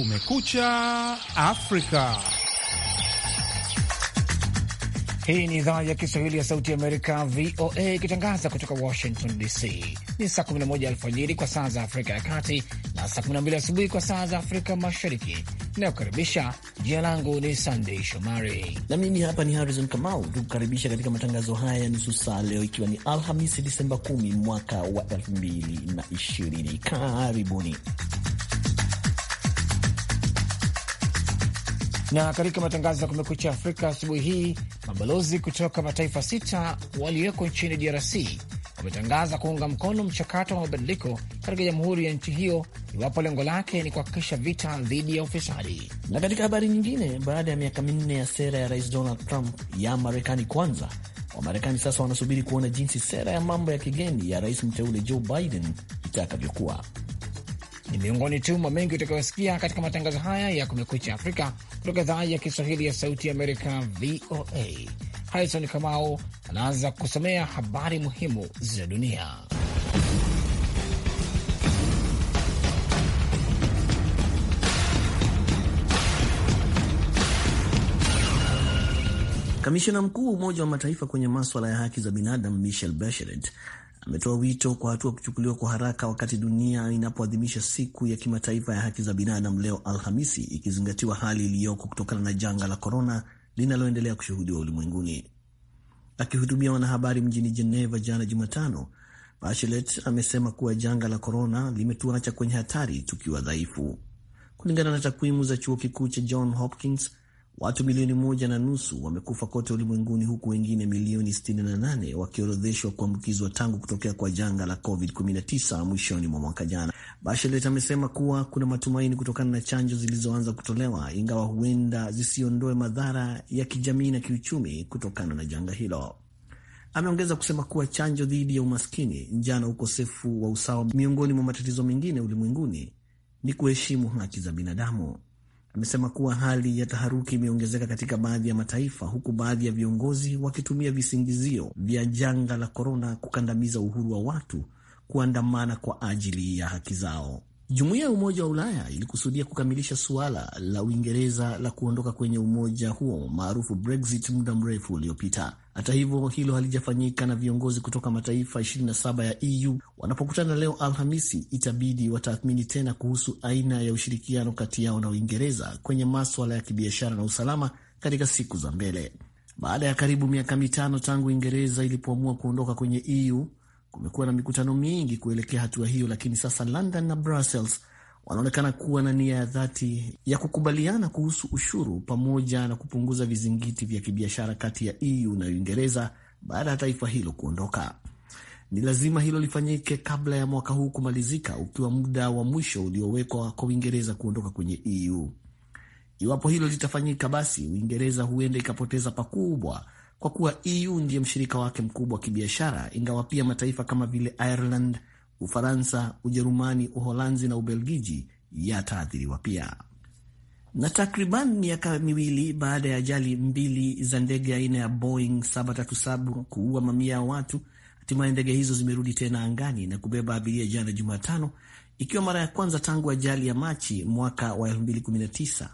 Kumekucha Afrika. Hii ni idhaa ya Kiswahili ya Sauti ya Amerika, VOA, ikitangaza kutoka Washington DC. Ni saa 11 alfajiri kwa saa za Afrika ya Kati na saa 12 asubuhi kwa saa za Afrika Mashariki inayokaribisha. Jina langu ni Sandei Shomari na mimi hapa ni Harrison Kamau, tukukaribisha katika matangazo haya ya nusu saa leo, ikiwa ni Alhamisi Disemba 10 mwaka wa 2020. Karibuni. Na katika matangazo ya Kumekucha Afrika asubuhi hii, mabalozi kutoka mataifa sita walioko nchini DRC wametangaza kuunga mkono mchakato wa mabadiliko katika jamhuri ya nchi hiyo iwapo lengo lake ni kuhakikisha vita dhidi ya ufisadi. Na katika habari nyingine, baada ya miaka minne ya sera ya Rais Donald Trump ya Marekani kwanza, Wamarekani sasa wanasubiri kuona jinsi sera ya mambo ya kigeni ya rais mteule Joe Biden itakavyokuwa ni miongoni tu mwa mengi utakayosikia katika matangazo haya ya Kumekucha Afrika kutoka idhaa ya Kiswahili ya Sauti ya Amerika, VOA. Harison Kamau anaanza kusomea habari muhimu za dunia. Kamishina mkuu wa Umoja wa Mataifa kwenye maswala ya haki za binadamu Michel Bachelet ametoa wito kwa hatua kuchukuliwa kwa haraka wakati dunia inapoadhimisha siku ya kimataifa ya haki za binadamu leo Alhamisi, ikizingatiwa hali iliyoko kutokana na janga la korona linaloendelea kushuhudiwa ulimwenguni. Akihutubia wanahabari mjini Jeneva jana Jumatano, Bachelet amesema kuwa janga la korona limetuacha kwenye hatari tukiwa dhaifu. Kulingana na takwimu za chuo kikuu cha John Hopkins, Watu milioni moja na nusu wamekufa kote ulimwenguni huku wengine milioni 68 wakiorodheshwa kuambukizwa tangu kutokea kwa janga la COVID-19 mwishoni mwa mwaka jana. Bachelet amesema kuwa kuna matumaini kutokana na chanjo zilizoanza kutolewa, ingawa huenda zisiondoe madhara ya kijamii na kiuchumi kutokana na janga hilo. Ameongeza kusema kuwa chanjo dhidi ya umaskini, njaa na ukosefu wa usawa, miongoni mwa matatizo mengine ulimwenguni, ni kuheshimu haki za binadamu amesema kuwa hali ya taharuki imeongezeka katika baadhi ya mataifa huku baadhi ya viongozi wakitumia visingizio vya janga la korona kukandamiza uhuru wa watu kuandamana kwa ajili ya haki zao. Jumuiya ya Umoja wa Ulaya ilikusudia kukamilisha suala la Uingereza la kuondoka kwenye umoja huo maarufu Brexit muda mrefu uliopita. Hata hivyo, hilo halijafanyika na viongozi kutoka mataifa 27 ya EU wanapokutana leo Alhamisi, itabidi watathmini tena kuhusu aina ya ushirikiano kati yao na Uingereza kwenye maswala ya kibiashara na usalama katika siku za mbele. Baada ya karibu miaka mitano tangu Uingereza ilipoamua kuondoka kwenye EU, Kumekuwa na mikutano mingi kuelekea hatua hiyo, lakini sasa London na Brussels wanaonekana kuwa na nia ya dhati ya kukubaliana kuhusu ushuru pamoja na kupunguza vizingiti vya kibiashara kati ya EU na Uingereza baada ya taifa hilo kuondoka. Ni lazima hilo lifanyike kabla ya mwaka huu kumalizika, ukiwa muda wa mwisho uliowekwa kwa Uingereza kuondoka kwenye EU. Iwapo hilo litafanyika, basi Uingereza huenda ikapoteza pakubwa kwa kuwa EU ndiye mshirika wake mkubwa wa kibiashara, ingawa pia mataifa kama vile Ireland, Ufaransa, Ujerumani, Uholanzi na Ubelgiji yataathiriwa pia. Na takriban miaka miwili baada ya ajali mbili za ndege aina ya Boeing 737 kuua mamia ya watu, hatimaye ndege hizo zimerudi tena angani na kubeba abiria jana Jumatano, ikiwa mara ya kwanza tangu ajali ya Machi mwaka wa 2019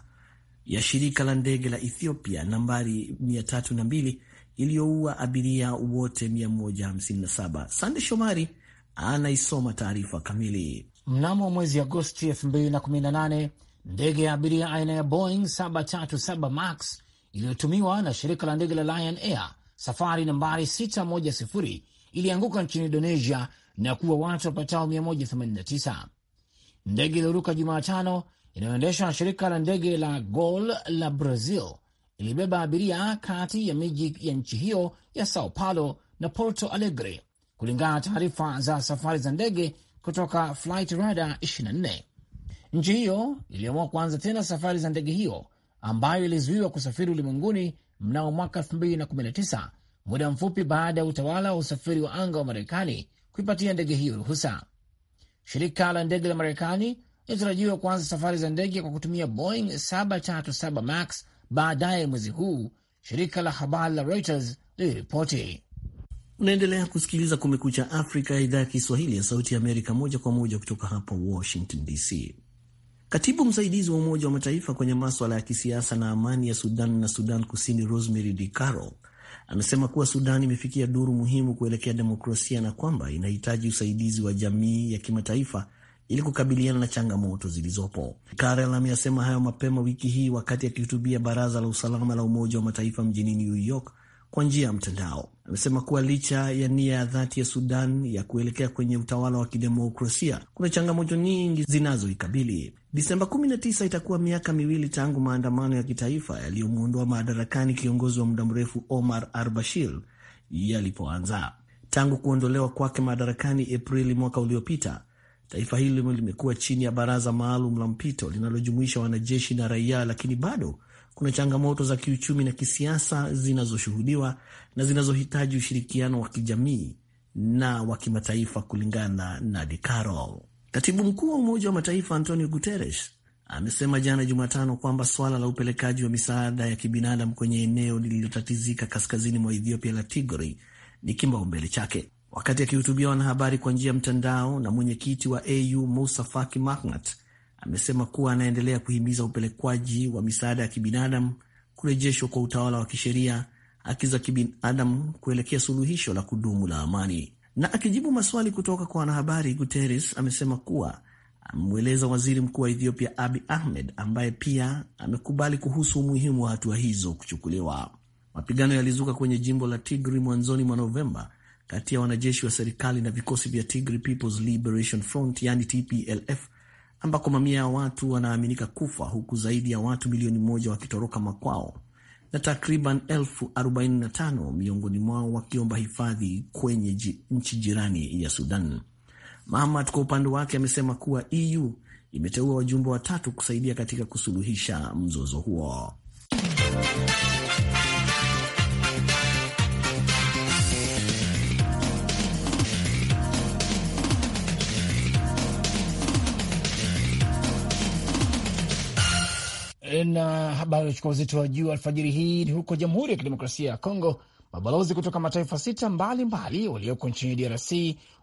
ya shirika la ndege la Ethiopia nambari 302 iliyoua abiria wote 157. Sande Shomari anaisoma taarifa kamili. Mnamo mwezi Agosti 2018 ndege ya abiria aina ya Boeing 737 Max iliyotumiwa na shirika la ndege la Lion Air safari nambari 610 ilianguka nchini Indonesia na kuwa watu wapatao 189. Ndege iliyoruka Jumatano inayoendeshwa na shirika la ndege la Gol la Brazil ilibeba abiria kati ya miji ya nchi hiyo ya Sao Paulo na Porto Alegre, kulingana na taarifa za safari za ndege kutoka Flight Radar 24. Nchi hiyo iliamua kuanza tena safari za ndege hiyo ambayo ilizuiwa kusafiri ulimwenguni mnamo mwaka 2019 muda mfupi baada ya utawala wa usafiri wa anga wa Marekani kuipatia ndege hiyo ruhusa. Shirika la ndege la Marekani linatarajiwa kuanza safari za ndege kwa kutumia Boeing 737 max baadaye mwezi huu, shirika la habari la Reuters liliripoti. Unaendelea kusikiliza Kumekucha Afrika ya idhaa ya Kiswahili ya Sauti ya Amerika, moja kwa moja kutoka hapa Washington DC. Katibu msaidizi wa Umoja wa Mataifa kwenye maswala ya kisiasa na amani ya Sudan na Sudan Kusini, Rosemary DiCarlo amesema kuwa Sudan imefikia duru muhimu kuelekea demokrasia na kwamba inahitaji usaidizi wa jamii ya kimataifa ili kukabiliana na changamoto zilizopo. Karel ameyasema hayo mapema wiki hii wakati akihutubia Baraza la Usalama la Umoja wa Mataifa mjini New York kwa njia ya mtandao. Amesema kuwa licha ya nia ya dhati ya Sudan ya kuelekea kwenye utawala wa kidemokrasia, kuna changamoto nyingi zinazoikabili. Disemba 19 itakuwa miaka miwili tangu maandamano ya kitaifa yaliyomwondoa madarakani kiongozi wa muda mrefu Omar al-Bashir yalipoanza. Tangu kuondolewa kwake madarakani Aprili mwaka uliopita, Taifa hilo limekuwa chini ya baraza maalum la mpito linalojumuisha wanajeshi na raia, lakini bado kuna changamoto za kiuchumi na kisiasa zinazoshuhudiwa na zinazohitaji ushirikiano wa kijamii na wa kimataifa, kulingana na De Carol. Katibu mkuu wa Umoja wa Mataifa Antonio Guterres amesema jana Jumatano kwamba suala la upelekaji wa misaada ya kibinadamu kwenye eneo lililotatizika kaskazini mwa Ethiopia la Tigray ni kimbaumbele chake. Wakati akihutubia wanahabari kwa njia ya mtandao, na mwenyekiti wa AU Musa Faki Mahamat amesema kuwa anaendelea kuhimiza upelekwaji wa misaada ya kibinadamu, kurejeshwa kwa utawala wa kisheria, haki za kibinadamu, kuelekea suluhisho la kudumu la amani. Na akijibu maswali kutoka kwa wanahabari, Guterres amesema kuwa amemweleza waziri mkuu wa Ethiopia Abi Ahmed ambaye pia amekubali kuhusu umuhimu wa hatua hizo kuchukuliwa. Mapigano yalizuka kwenye jimbo la Tigri mwanzoni mwa Novemba kati ya wanajeshi wa serikali na vikosi vya Tigray People's Liberation Front yani TPLF, ambako mamia ya watu wanaaminika kufa huku zaidi ya watu milioni moja wakitoroka makwao na takriban elfu miongoni mwao wakiomba hifadhi kwenye nchi jirani ya Sudan. Mahamat kwa upande wake amesema kuwa EU imeteua wajumbe watatu kusaidia katika kusuluhisha mzozo huo. Eh, na habari iliyochukua uzito wa juu alfajiri hii ni huko Jamhuri ya Kidemokrasia ya Kongo. Mabalozi kutoka mataifa sita mbalimbali walioko nchini DRC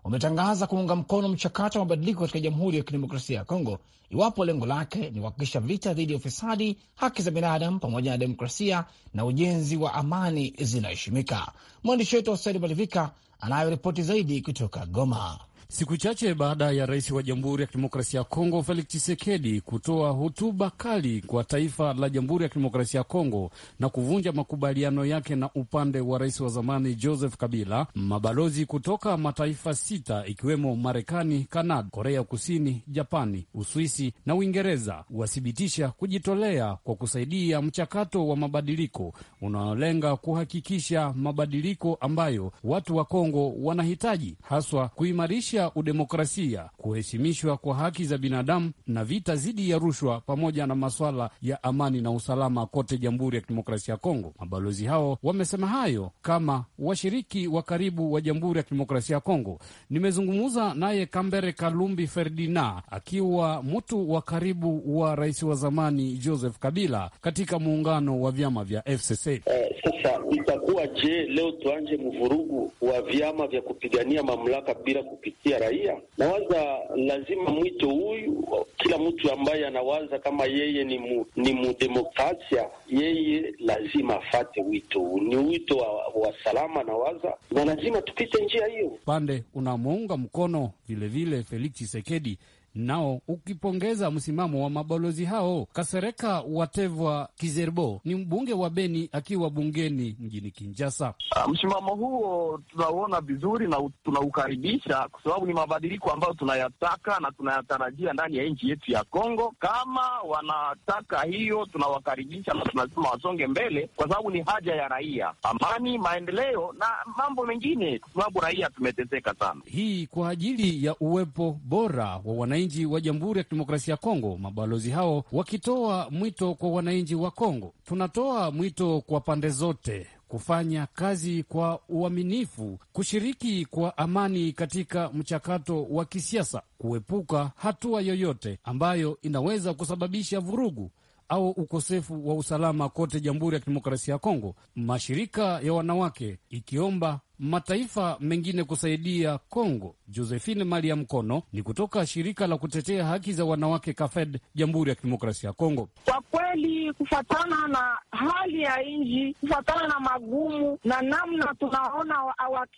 wametangaza kuunga mkono mchakato wa mabadiliko katika Jamhuri ya Kidemokrasia ya Kongo iwapo lengo lake ni kuhakikisha vita dhidi ya ufisadi, haki za binadamu, pamoja na demokrasia na ujenzi wa amani zinaheshimika. Mwandishi wetu Hosteri Malivika anayo ripoti zaidi kutoka Goma. Siku chache baada ya rais wa Jamhuri ya Kidemokrasia ya Kongo Felix Tshisekedi kutoa hotuba kali kwa taifa la Jamhuri ya Kidemokrasia ya Kongo na kuvunja makubaliano yake na upande wa rais wa zamani Joseph Kabila, mabalozi kutoka mataifa sita ikiwemo Marekani, Kanada, Korea Kusini, Japani, Uswisi na Uingereza wathibitisha kujitolea kwa kusaidia mchakato wa mabadiliko unaolenga kuhakikisha mabadiliko ambayo watu wa Kongo wanahitaji haswa kuimarisha kuimarisha udemokrasia, kuheshimishwa kwa haki za binadamu na vita dhidi ya rushwa, pamoja na maswala ya amani na usalama kote Jamhuri ya Kidemokrasia ya Kongo. Mabalozi hao wamesema hayo kama washiriki wa karibu wa Jamhuri ya Kidemokrasia ya Kongo. Nimezungumza naye Kambere Kalumbi ferdina akiwa mtu wa karibu wa rais wa zamani Joseph Kabila katika muungano wa vyama vya FCC. Eh, sasa itakuwa je, leo tuanje mvurugu wa vyama vya kupigania mamlaka bila kupitia kupatia raia. Nawaza lazima mwito huyu, kila mtu ambaye anawaza kama yeye ni mu, ni mudemokrasia, yeye lazima afate wito huu. Ni wito wa, wa salama nawaza, na lazima tupite njia hiyo. Pande unamuunga mkono vilevile Felix chisekedi nao ukipongeza msimamo wa mabalozi hao. Kasereka Watevwa Kizerbo ni mbunge wa Beni akiwa bungeni mjini Kinjasa. Uh, ah, msimamo huo tunauona vizuri na tunaukaribisha kwa sababu ni mabadiliko ambayo tunayataka na tunayatarajia ndani ya nchi yetu ya Kongo. Kama wanataka hiyo, tunawakaribisha na tunasema wasonge mbele, kwa sababu ni haja ya raia, amani, maendeleo na mambo mengine, kwa sababu raia tumeteseka sana. Hii kwa ajili ya uwepo bora wa wananchi wananchi wa Jamhuri ya Kidemokrasia ya Kongo, mabalozi hao wakitoa mwito kwa wananchi wa Kongo. Tunatoa mwito kwa pande zote kufanya kazi kwa uaminifu, kushiriki kwa amani katika mchakato wa kisiasa, kuepuka hatua yoyote ambayo inaweza kusababisha vurugu au ukosefu wa usalama kote Jamhuri ya Kidemokrasia ya Kongo, mashirika ya wanawake ikiomba mataifa mengine kusaidia Kongo. Josephine Maria Mkono ni kutoka shirika la kutetea haki za wanawake KAFED, Jamhuri ya Kidemokrasia ya Kongo. Kwa kweli, kufatana na hali ya nji kufatana na magumu na namna tunaona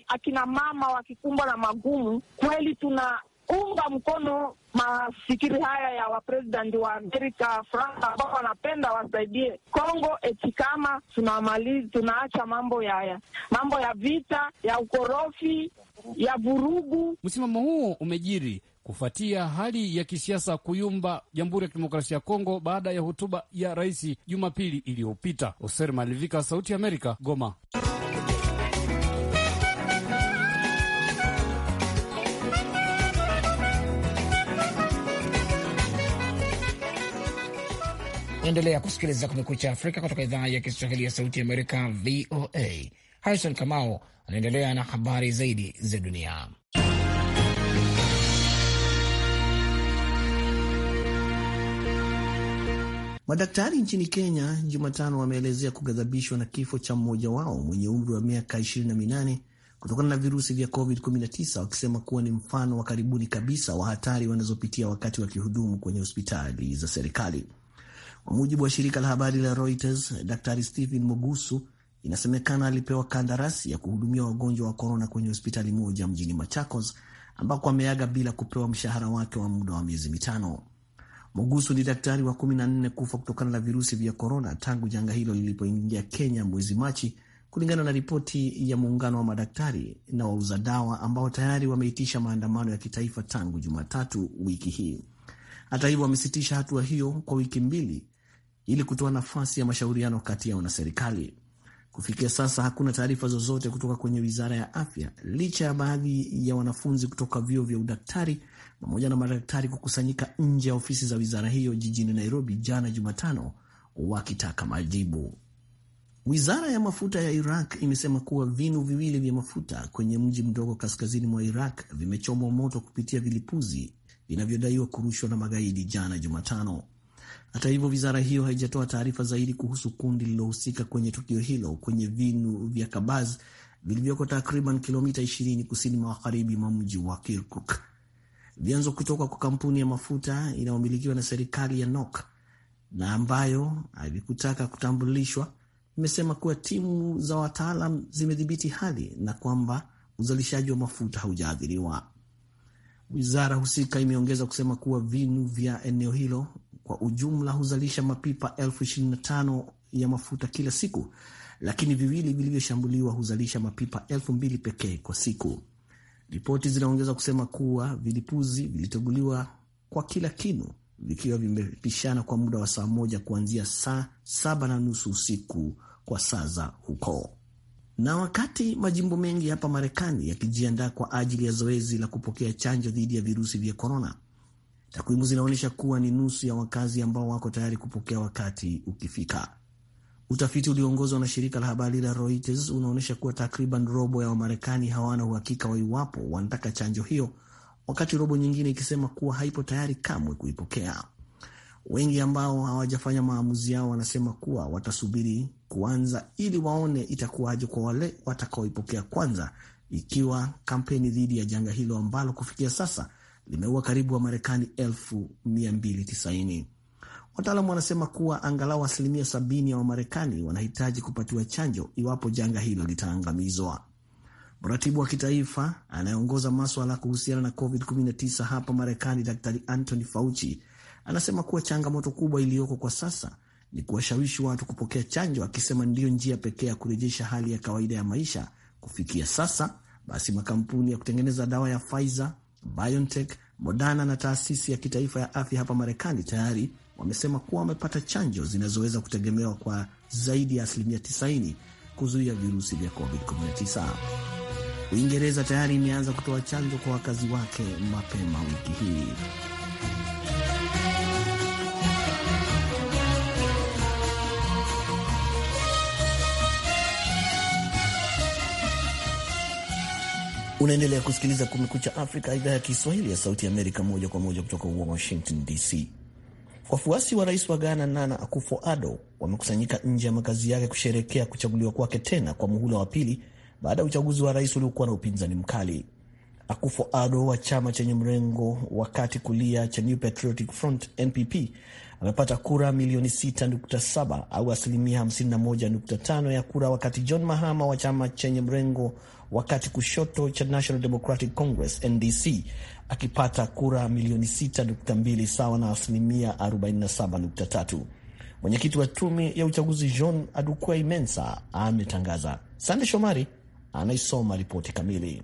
akina mama wakikumbwa na magumu, kweli tuna kuunga mkono mafikiri haya ya wapresidenti wa Amerika Franka ambao wanapenda wasaidie Kongo eti kama tunamaliza, tunaacha mambo yaya ya mambo ya vita ya ukorofi ya vurugu. Msimamo huo umejiri kufuatia hali ya kisiasa kuyumba Jamhuri ya Kidemokrasia ya Kongo baada ya hotuba ya rais Jumapili iliyopita. Oser Malivika, Sauti ya Amerika, Goma. Endelea kusikiliza Kumekucha Afrika kutoka idhaa ya Kiswahili ya Sauti Amerika, VOA. Harrison Kamau anaendelea na habari zaidi za dunia. Madaktari nchini Kenya Jumatano wameelezea kughadhabishwa na kifo cha mmoja wao mwenye umri wa miaka 28 kutokana na virusi vya COVID-19, wakisema kuwa ni mfano wa karibuni kabisa wa hatari wanazopitia wakati wakihudumu kwenye hospitali za serikali. Kwa mujibu wa shirika la habari la Reuters, Daktari Stephen Mogusu inasemekana alipewa kandarasi ya kuhudumia wagonjwa wa korona kwenye hospitali moja mjini Machakos, ambako ameaga bila kupewa mshahara wake wa muda wa miezi mitano. Mogusu ni daktari wa kumi na nne kufa kutokana na virusi vya korona tangu janga hilo lilipoingia Kenya mwezi Machi, kulingana na ripoti ya muungano wa madaktari na wauza dawa ambao tayari wameitisha maandamano ya kitaifa tangu Jumatatu wiki hii. Hata hivyo, wamesitisha hatua hiyo kwa wiki mbili ili kutoa nafasi ya mashauriano kati yao na serikali. Kufikia sasa hakuna taarifa zozote kutoka kwenye wizara ya afya, licha ya baadhi ya wanafunzi kutoka vyuo vya udaktari pamoja na madaktari kukusanyika nje ya ofisi za wizara hiyo jijini Nairobi jana Jumatano wakitaka majibu. Wizara ya mafuta ya Iraq imesema kuwa vinu viwili vya mafuta kwenye mji mdogo kaskazini mwa Iraq vimechomwa moto kupitia vilipuzi vinavyodaiwa kurushwa na magaidi jana Jumatano. Hata hivyo, wizara hiyo haijatoa taarifa zaidi kuhusu kundi lililohusika kwenye tukio hilo kwenye vinu vya Kabaz vilivyoko takriban kilomita 20 kusini magharibi mwa mji wa Kirkuk. Vyanzo kutoka kwa kampuni ya mafuta inayomilikiwa na serikali ya nok na ambayo havikutaka kutambulishwa imesema kuwa timu za wataalam zimedhibiti hali na kwamba uzalishaji wa mafuta haujaathiriwa. Wizara husika imeongeza kusema kuwa vinu vya eneo hilo kwa ujumla huzalisha mapipa elfu 25 ya mafuta kila siku, lakini viwili vilivyoshambuliwa huzalisha mapipa elfu mbili pekee kwa siku. Ripoti zinaongeza kusema kuwa vilipuzi viliteguliwa kwa kila kinu vikiwa vimepishana kwa muda wa saa moja kuanzia saa saba na nusu usiku kwa saa za huko. Na wakati majimbo mengi hapa Marekani yakijiandaa kwa ajili ya zoezi la kupokea chanjo dhidi ya virusi vya korona, Takwimu zinaonyesha kuwa ni nusu ya wakazi ambao wako tayari kupokea wakati ukifika. Utafiti ulioongozwa na shirika la habari la Reuters unaonyesha kuwa takriban robo ya Wamarekani hawana uhakika wa iwapo wanataka chanjo hiyo, wakati robo nyingine ikisema kuwa haipo tayari kamwe kuipokea. Wengi ambao hawajafanya maamuzi yao wanasema kuwa watasubiri kuanza ili waone itakuwaje kwa wale watakaoipokea kwanza, ikiwa kampeni dhidi ya janga hilo ambalo kufikia sasa limeua karibu Marekani 290. Wataalamu wanasema kuwa angalau asilimia 70 ya Wamarekani wanahitaji kupatiwa chanjo iwapo janga hilo litaangamizwa. Mratibu wa kitaifa anayeongoza maswala kuhusiana na COVID-19 hapa Marekani, Daktari Anthony Fauci anasema kuwa changamoto kubwa iliyoko kwa sasa ni kuwashawishi watu kupokea chanjo, akisema ndiyo njia pekee ya kurejesha hali ya kawaida ya maisha. Kufikia sasa basi, makampuni ya kutengeneza dawa ya Pfizer, BioNTech, Moderna na taasisi ya kitaifa ya afya hapa Marekani tayari wamesema kuwa wamepata chanjo zinazoweza kutegemewa kwa zaidi ya asilimia 90 kuzuia virusi vya COVID-19. Uingereza tayari imeanza kutoa chanjo kwa wakazi wake mapema wiki hii. Unaendelea kusikiliza Kumekucha Afrika, idhaa ya Kiswahili ya Sauti Amerika, moja kwa moja kutoka Washington DC. Wafuasi wa rais wa Ghana Nana Akufo-Addo wamekusanyika nje ya makazi yake kusherekea kuchaguliwa kwake tena kwa muhula wa pili baada ya uchaguzi wa rais uliokuwa na upinzani mkali. Akufo-Addo wa chama chenye mrengo wa kati kulia cha New Patriotic Front NPP amepata kura milioni 6.7 au asilimia 51.5 ya kura, wakati John Mahama wa chama chenye mrengo wakati kushoto cha National Democratic Congress NDC akipata kura milioni 6.2 sawa na asilimia 47.3. Mwenyekiti wa tume ya uchaguzi John Adukwei Mensa ametangaza. Sande Shomari anaisoma ripoti kamili.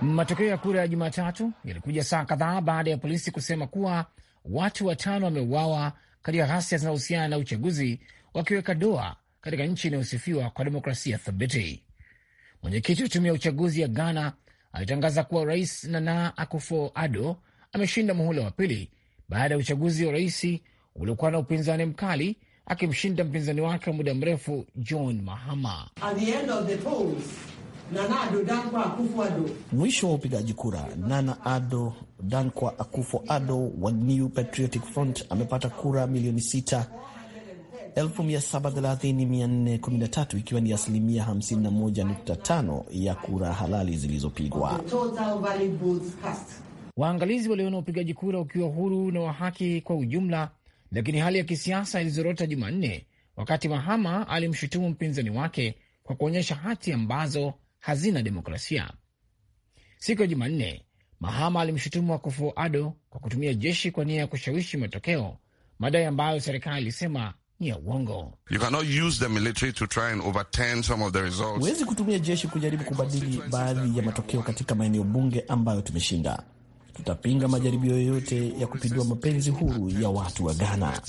Matokeo ya kura ya Jumatatu yalikuja saa kadhaa baada ya polisi kusema kuwa watu watano wameuawa katika ghasia zinazohusiana na uchaguzi, wakiweka doa katika nchi inayosifiwa kwa demokrasia thabiti. Mwenyekiti wa tume ya uchaguzi ya Ghana alitangaza kuwa Rais Nana akufo ado ameshinda muhula wa pili baada ya uchaguzi wa rais uliokuwa na upinzani mkali, akimshinda mpinzani wake wa muda mrefu John Mahama. Mwisho wa upigaji kura, Nana Ado Dankwa Akufo Ado wa New Patriotic Front amepata kura milioni sita 1730,413 ikiwa ni asilimia 51.5 ya kura halali zilizopigwa. Waangalizi waliona upigaji kura ukiwa huru na wa haki kwa ujumla, lakini hali ya kisiasa ilizorota Jumanne wakati Mahama alimshutumu mpinzani wake kwa kuonyesha hati ambazo hazina demokrasia. Siku ya Jumanne, Mahama alimshutumu Akufo-Addo kwa kutumia jeshi kwa nia ya kushawishi matokeo, madai ambayo serikali ilisema ni ya uongo. Huwezi kutumia jeshi kujaribu kubadili baadhi ya matokeo katika maeneo bunge ambayo tumeshinda. Tutapinga majaribio yoyote ya kupindua mapenzi huru ya watu wa Ghana.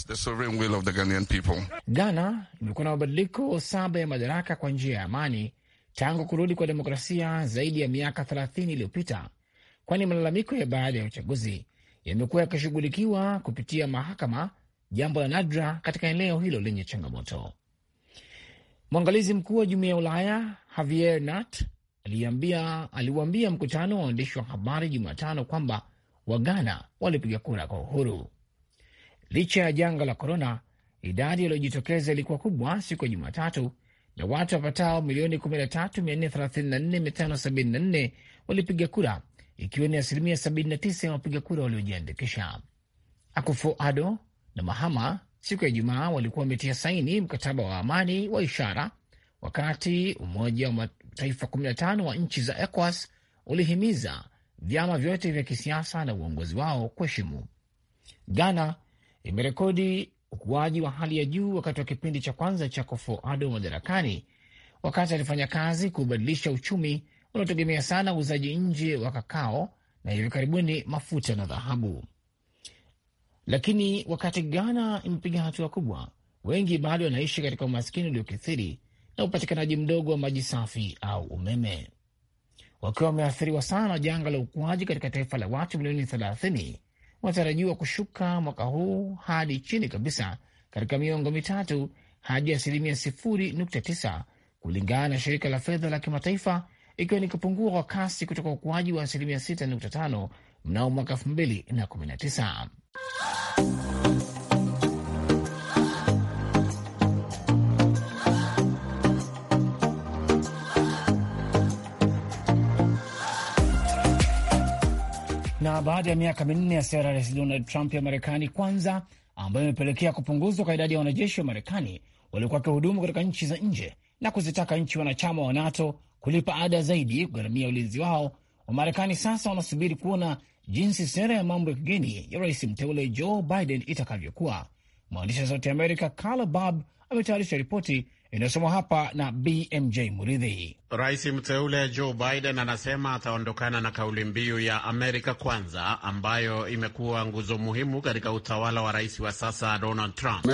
Ghana imekuwa na mabadiliko saba ya madaraka kwa njia ya amani tangu kurudi kwa demokrasia zaidi ya miaka 30 iliyopita, kwani malalamiko ya baada ya uchaguzi yamekuwa yakishughulikiwa kupitia mahakama jambo la nadra katika eneo hilo lenye changamoto. Mwangalizi mkuu wa jumuiya ya Ulaya Javier nat aliuambia mkutano wa waandishi wa habari Jumatano kwamba Waghana walipiga kura kwa uhuru licha ya janga la korona. Idadi iliyojitokeza ilikuwa kubwa siku ya Jumatatu, na watu wapatao milioni 13,434,574 walipiga kura, ikiwa ni asilimia 79 ya wapiga kura waliojiandikisha. Akufo na Mahama siku ya Ijumaa walikuwa wametia saini mkataba wa amani wa ishara, wakati Umoja wa Mataifa 15 wa nchi za ECOWAS ulihimiza vyama vyote vya kisiasa na uongozi wao kuheshimu. Ghana imerekodi ukuaji wa hali ya juu wakati wa kipindi cha kwanza cha Akufo Addo madarakani, wakati alifanya kazi kubadilisha uchumi unaotegemea sana uuzaji nje wa kakao na hivi karibuni mafuta na dhahabu. Lakini wakati Ghana imepiga hatua kubwa, wengi bado wanaishi katika umaskini uliokithiri na upatikanaji mdogo wa maji safi au umeme, wakiwa wameathiriwa sana janga la ukuaji katika taifa la watu milioni 30 wanatarajiwa kushuka mwaka huu hadi chini kabisa katika miongo mitatu hadi asilimia 0.9 kulingana na shirika la fedha la kimataifa, ikiwa ni kupungua kwa kasi kutoka ukuaji wa asilimia 6.5 mnamo mwaka 2019. Na baada ya miaka minne ya sera ya Rais Donald Trump ya Marekani kwanza ambayo imepelekea kupunguzwa kwa idadi ya wanajeshi wa Marekani waliokuwa wakihudumu katika nchi za nje na kuzitaka nchi wanachama wa NATO kulipa ada zaidi kugharamia ulinzi wao, Wamarekani sasa wanasubiri kuona jinsi sera ya mambo ya kigeni ya rais mteule Joe Biden itakavyokuwa. Mwandishi wa Sauti Amerika Carla bab ametayarisha ripoti inayosoma hapa na BMJ Muridhi. Rais mteule Joe Biden anasema ataondokana na kauli mbiu ya Amerika kwanza ambayo imekuwa nguzo muhimu katika utawala wa rais wa sasa Donald Trump.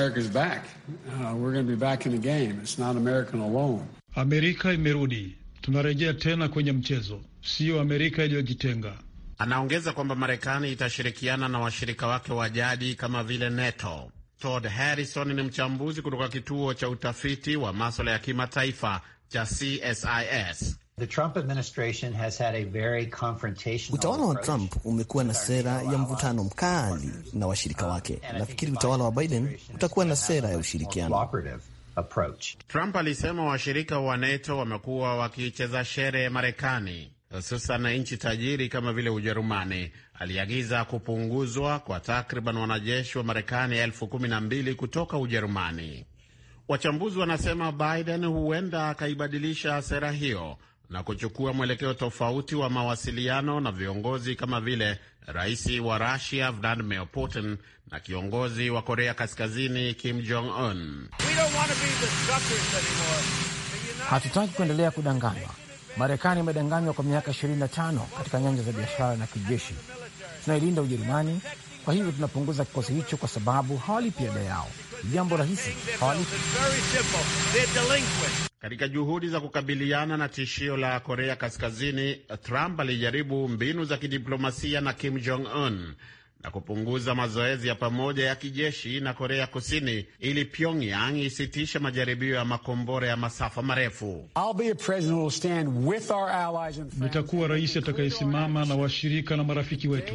Uh, Amerika imerudi, tunarejea tena kwenye mchezo, siyo Amerika iliyojitenga. Anaongeza kwamba Marekani itashirikiana na washirika wake wa jadi kama vile NATO. Todd Harrison ni mchambuzi kutoka kituo cha utafiti wa maswala ya kimataifa cha CSIS. Utawala wa Trump umekuwa na sera ya mvutano mkali na washirika wake. Nafikiri utawala wa Biden utakuwa na sera ya ushirikiano. Trump alisema washirika wa NATO wamekuwa wakicheza shere Marekani hususan nchi tajiri kama vile Ujerumani. Aliagiza kupunguzwa kwa takriban wanajeshi wa Marekani elfu kumi na mbili kutoka Ujerumani. Wachambuzi wanasema Biden huenda akaibadilisha sera hiyo na kuchukua mwelekeo tofauti wa mawasiliano na viongozi kama vile rais wa Rusia Vladimir Putin na kiongozi wa Korea Kaskazini Kim Jong Un. Hatutaki kuendelea kudanganywa Marekani imedanganywa kwa miaka 25 katika nyanja za biashara na kijeshi. Tunailinda Ujerumani, kwa hivyo tunapunguza kikosi hicho kwa sababu hawalipi ada yao. Jambo rahisi, hawalipi. Katika juhudi za kukabiliana na tishio la Korea Kaskazini, Trump alijaribu mbinu za kidiplomasia na Kim Jong Un na kupunguza mazoezi ya pamoja ya kijeshi na Korea Kusini ili Pyongyang isitishe majaribio ya makombora ya masafa marefu. Nitakuwa rais atakayesimama na washirika na marafiki wetu.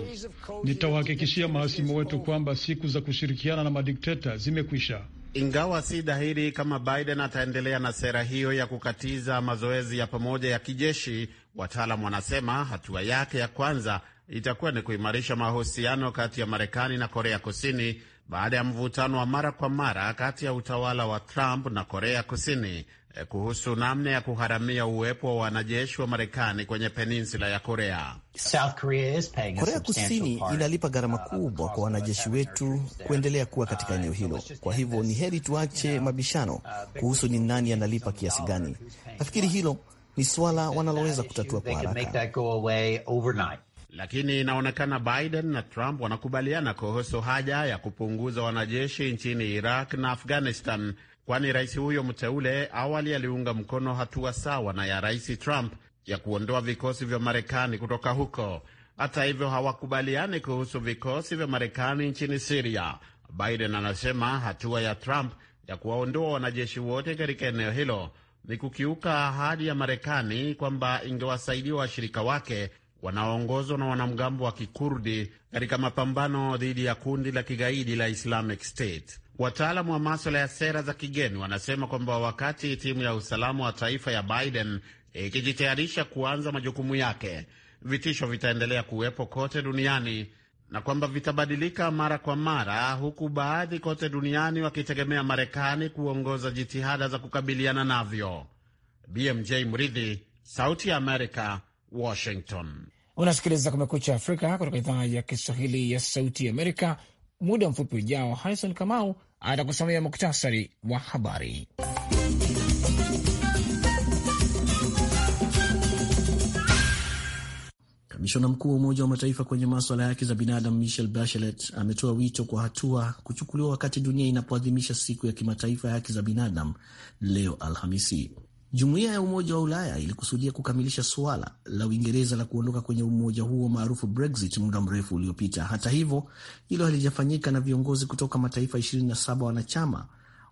Nitawahakikishia mahasimu wetu kwamba siku za kushirikiana na madikteta zimekwisha. Ingawa si dhahiri kama Biden ataendelea na sera hiyo ya kukatiza mazoezi ya pamoja ya kijeshi, wataalamu wanasema hatua yake ya kwanza itakuwa ni kuimarisha mahusiano kati ya Marekani na Korea Kusini baada ya mvutano wa mara kwa mara kati ya utawala wa Trump na Korea Kusini eh, kuhusu namna ya kuharamia uwepo wa wanajeshi wa Marekani kwenye peninsula ya Korea. Korea Kusini inalipa gharama kubwa kwa wanajeshi wetu kuendelea kuwa katika eneo hilo. Kwa hivyo ni heri tuache mabishano kuhusu ni nani analipa kiasi gani. Nafikiri hilo ni swala wanaloweza kutatua kwa haraka. Lakini inaonekana Biden na Trump wanakubaliana kuhusu haja ya kupunguza wanajeshi nchini Iraq na Afghanistan, kwani rais huyo mteule awali aliunga mkono hatua sawa na ya rais Trump ya kuondoa vikosi vya Marekani kutoka huko. Hata hivyo, hawakubaliani kuhusu vikosi vya Marekani nchini Siria. Biden anasema hatua ya Trump ya kuwaondoa wanajeshi wote katika eneo hilo ni kukiuka ahadi ya Marekani kwamba ingewasaidia washirika wake wanaoongozwa na wanamgambo wa kikurdi katika mapambano dhidi ya kundi la kigaidi la Islamic State. Wataalamu wa maswala ya sera za kigeni wanasema kwamba wakati timu ya usalama wa taifa ya Biden ikijitayarisha kuanza majukumu yake, vitisho vitaendelea kuwepo kote duniani na kwamba vitabadilika mara kwa mara, huku baadhi kote duniani wakitegemea Marekani kuongoza jitihada za kukabiliana navyo. BMJ Mridhi, Sauti ya Amerika, Washington. Unasikiliza Kumekucha Afrika kutoka idhaa ya Kiswahili ya Sauti Amerika. Muda mfupi ujao, Harison Kamau atakusomea muktasari wa habari. Kamishona mkuu wa Umoja wa Mataifa kwenye maswala ya haki za binadamu michel Bachelet ametoa wito kwa hatua kuchukuliwa wakati dunia inapoadhimisha siku ya kimataifa ya haki za binadamu leo Alhamisi. Jumuiya ya Umoja wa Ulaya ilikusudia kukamilisha suala la Uingereza la kuondoka kwenye umoja huo maarufu Brexit muda mrefu uliopita. Hata hivyo, hilo halijafanyika na viongozi kutoka mataifa 27 wanachama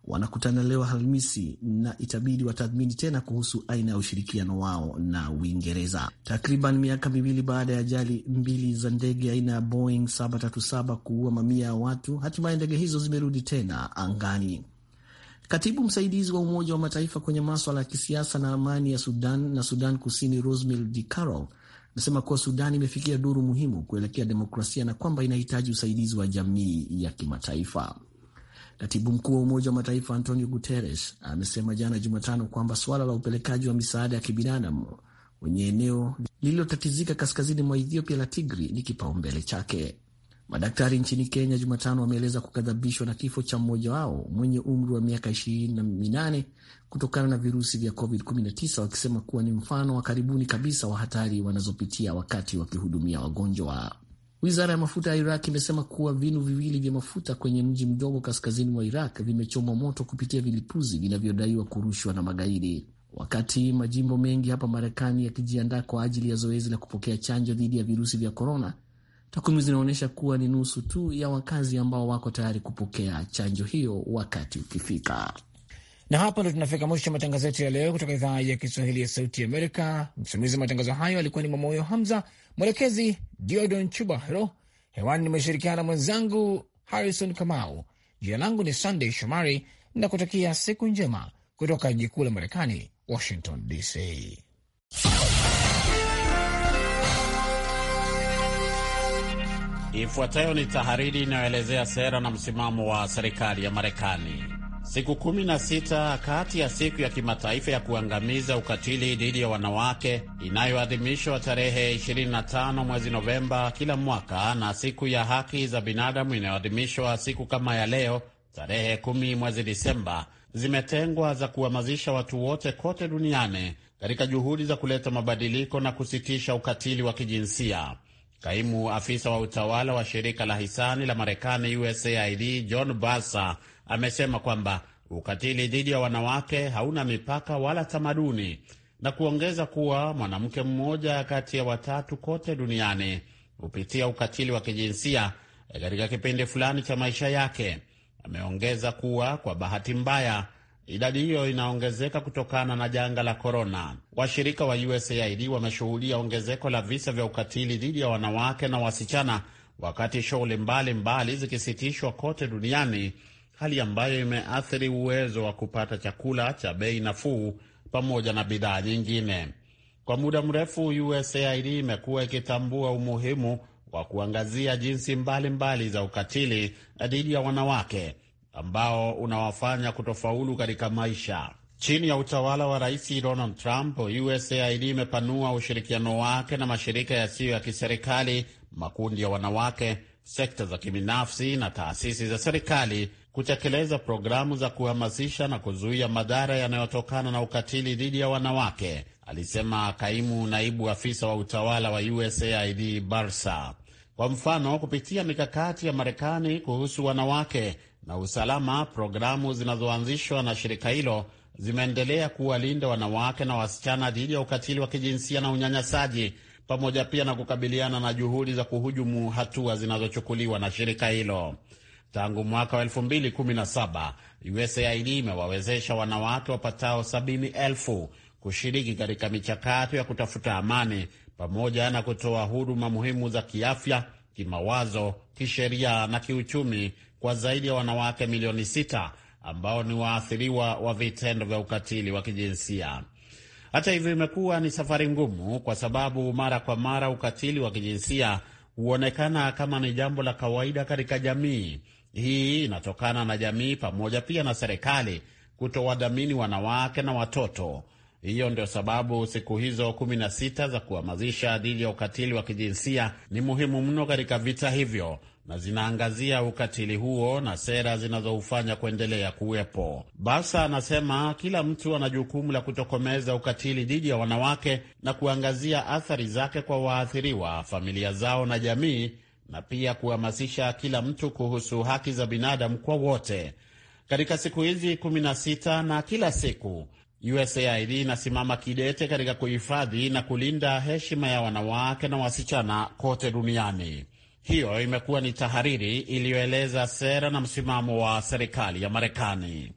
wanakutana leo Alhamisi na itabidi watathmini tena kuhusu aina ya ushirikiano wao na Uingereza. Takriban miaka miwili baada ya ajali mbili za ndege aina ya Boeing 737 kuua mamia ya watu, hatimaye ndege hizo zimerudi tena angani. Katibu msaidizi wa Umoja wa Mataifa kwenye maswala ya kisiasa na amani ya Sudan na Sudan Kusini, Rosemary carol amesema kuwa Sudan imefikia duru muhimu kuelekea demokrasia na kwamba inahitaji usaidizi wa jamii ya kimataifa. Katibu mkuu wa Umoja wa Mataifa Antonio Guterres amesema jana Jumatano kwamba suala la upelekaji wa misaada ya kibinadamu kwenye eneo lililotatizika kaskazini mwa Ethiopia la Tigri ni kipaumbele chake. Madaktari nchini Kenya Jumatano wameeleza kukadhabishwa na kifo cha mmoja wao mwenye umri wa miaka ishirini na minane kutokana na virusi vya COVID-19 wakisema kuwa ni mfano wa karibuni kabisa wa hatari wanazopitia wakati wakihudumia wagonjwa. Wizara ya mafuta ya Iraq imesema kuwa vinu viwili vya mafuta kwenye mji mdogo kaskazini mwa Iraq vimechomwa moto kupitia vilipuzi vinavyodaiwa kurushwa na magaidi. Wakati majimbo mengi hapa Marekani yakijiandaa kwa ajili ya zoezi la kupokea chanjo dhidi ya virusi vya korona, Takwimu zinaonyesha kuwa ni nusu tu ya wakazi ambao wako tayari kupokea chanjo hiyo wakati ukifika. Na hapo ndo tunafika mwisho matangazo yetu ya leo kutoka idhaa ya Kiswahili ya Sauti Amerika. Msimamizi wa matangazo hayo alikuwa ni Mwamoyo Hamza, mwelekezi Diodon Chubahiro. Hewani nimeshirikiana na mwenzangu Harrison Kamau. Jina langu ni Sunday Shomari na kutakia siku njema kutoka jikuu la Marekani, Washington DC. Ifuatayo ni tahariri inayoelezea sera na msimamo wa serikali ya Marekani. Siku 16 kati ya siku ya kimataifa ya kuangamiza ukatili dhidi ya wanawake inayoadhimishwa tarehe 25 mwezi Novemba kila mwaka na siku ya haki za binadamu inayoadhimishwa siku kama ya leo tarehe 1 mwezi Disemba zimetengwa za kuhamasisha watu wote kote duniani katika juhudi za kuleta mabadiliko na kusitisha ukatili wa kijinsia. Kaimu afisa wa utawala wa shirika la hisani la Marekani USAID John Basa amesema kwamba ukatili dhidi ya wanawake hauna mipaka wala tamaduni, na kuongeza kuwa mwanamke mmoja kati ya watatu kote duniani hupitia ukatili wa kijinsia katika kipindi fulani cha maisha yake. Ameongeza kuwa kwa bahati mbaya Idadi hiyo inaongezeka kutokana na janga la korona. Washirika wa USAID wameshuhudia ongezeko la visa vya ukatili dhidi ya wanawake na wasichana wakati shughuli mbalimbali zikisitishwa kote duniani, hali ambayo imeathiri uwezo wa kupata chakula cha bei nafuu pamoja na bidhaa nyingine. Kwa muda mrefu, USAID imekuwa ikitambua umuhimu wa kuangazia jinsi mbalimbali mbali za ukatili dhidi ya wanawake ambao unawafanya kutofaulu katika maisha. Chini ya utawala wa Rais Donald Trump, USAID imepanua ushirikiano wake na mashirika yasiyo ya kiserikali, makundi ya wanawake, sekta za kibinafsi na taasisi za serikali kutekeleza programu za kuhamasisha na kuzuia madhara yanayotokana na ukatili dhidi ya wanawake, alisema kaimu naibu afisa wa utawala wa USAID Barsa. Kwa mfano, kupitia mikakati ya Marekani kuhusu wanawake na usalama, programu zinazoanzishwa na shirika hilo zimeendelea kuwalinda wanawake na wasichana dhidi ya ukatili wa kijinsia na unyanyasaji, pamoja pia na kukabiliana na juhudi za kuhujumu hatua zinazochukuliwa na shirika hilo. Tangu mwaka wa 2017 USAID imewawezesha wanawake wapatao sabini kushiriki katika michakato ya kutafuta amani pamoja na kutoa huduma muhimu za kiafya kimawazo, kisheria na kiuchumi kwa zaidi ya wanawake milioni sita ambao ni waathiriwa wa vitendo vya ukatili wa kijinsia. Hata hivyo, imekuwa ni safari ngumu, kwa sababu mara kwa mara ukatili wa kijinsia huonekana kama ni jambo la kawaida katika jamii. Hii inatokana na jamii pamoja pia na serikali kutowadhamini wanawake na watoto hiyo ndio sababu siku hizo kumi na sita za kuhamasisha dhidi ya ukatili wa kijinsia ni muhimu mno katika vita hivyo na zinaangazia ukatili huo na sera zinazoufanya kuendelea kuwepo. Basa anasema kila mtu ana jukumu la kutokomeza ukatili dhidi ya wanawake na kuangazia athari zake kwa waathiriwa, familia zao na jamii, na pia kuhamasisha kila mtu kuhusu haki za binadamu kwa wote katika siku hizi kumi na sita na kila siku USAID inasimama kidete katika kuhifadhi na kulinda heshima ya wanawake na wasichana kote duniani. Hiyo imekuwa ni tahariri iliyoeleza sera na msimamo wa serikali ya Marekani.